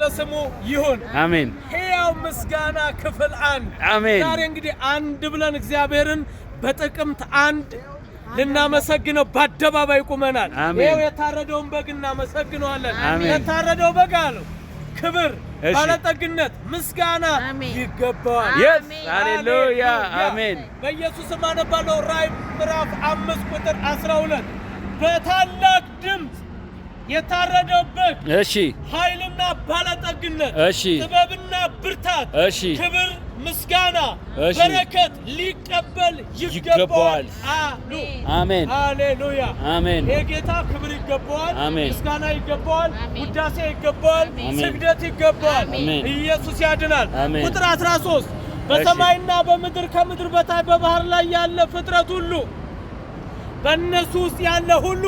ለስሙ ይሁን አሜን። ሕያው ምስጋና ክፍል አንድ አሜን። ዛሬ እንግዲህ አንድ ብለን እግዚአብሔርን በጥቅምት አንድ ልናመሰግነው በአደባባይ ቁመናል። ይኸው የታረደውን በግ እናመሰግነዋለን። የታረደው በግ አለው ክብር፣ ባለጠግነት፣ ምስጋና ይገባዋል። የስ አሜን። ምዕራፍ አምስት ቁጥር አስራ ሁለት በታላቅ የታረደበት እሺ፣ ኃይልና ባለጠግነት እሺ፣ ጥበብና ብርታት እሺ፣ ክብር፣ ምስጋና፣ በረከት ሊቀበል ይገባዋል አሉ። አሜን፣ ሃሌሉያ፣ አሜን። የጌታ ክብር ይገባዋል፣ ምስጋና ይገባዋል፣ ውዳሴ ይገባዋል፣ ስግደት ይገባዋል። ኢየሱስ ያድናል። ቁጥር 13 በሰማይና በምድር ከምድር በታች በባህር ላይ ያለ ፍጥረት ሁሉ በእነሱ ውስጥ ያለ ሁሉ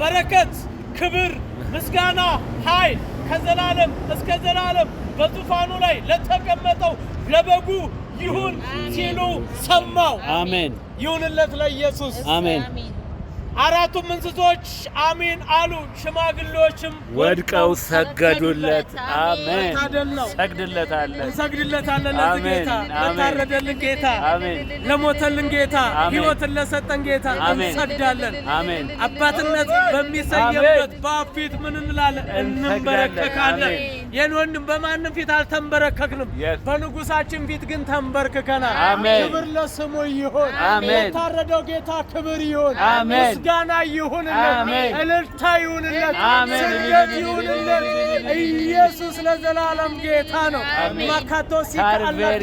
በረከት ክብር፣ ምስጋና፣ ኃይል ከዘላለም እስከ ዘላለም በዙፋኑ ላይ ለተቀመጠው ለበጉ ይሁን ሲሉ ሰማው። አሜን። ይሁንለት ለኢየሱስ አሜን። አራቱም እንስሶች አሚን አሉ። ሽማግሌዎችም ወድቀው ሰገዱለት። አሜን ሰግድለታለን፣ እንሰግድለታለን። ጌታ ለታረደልን ጌታ፣ አሜን። ለሞተልን ጌታ፣ ሕይወትን ለሰጠን ጌታ እንሰግዳለን። አባትነት በሚሰየምበት በአብ ፊት ምን እንላለን? እንበረከካለን። የኔ ወንድም በማንም ፊት አልተንበረከክንም፣ በንጉሳችን ፊት ግን ተንበርክከናል። ክብር ለስሙ ይሆን፣ የታረደው ጌታ ክብር ይሆን፣ ምስጋና ይሁንለት፣ እልልታ ይሁንለት፣ ስግደት ይሁንለት። ኢየሱስ ለዘላለም ጌታ ነው። ማካቶ ሲቃለት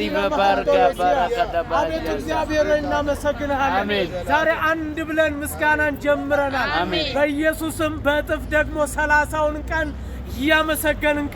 እግዚአብሔር እናመሰግንሃለን። ዛሬ አንድ ብለን ምስጋናን ጀምረናል። በኢየሱስም በእጥፍ ደግሞ ሰላሳውን ቀን እያመሰገንን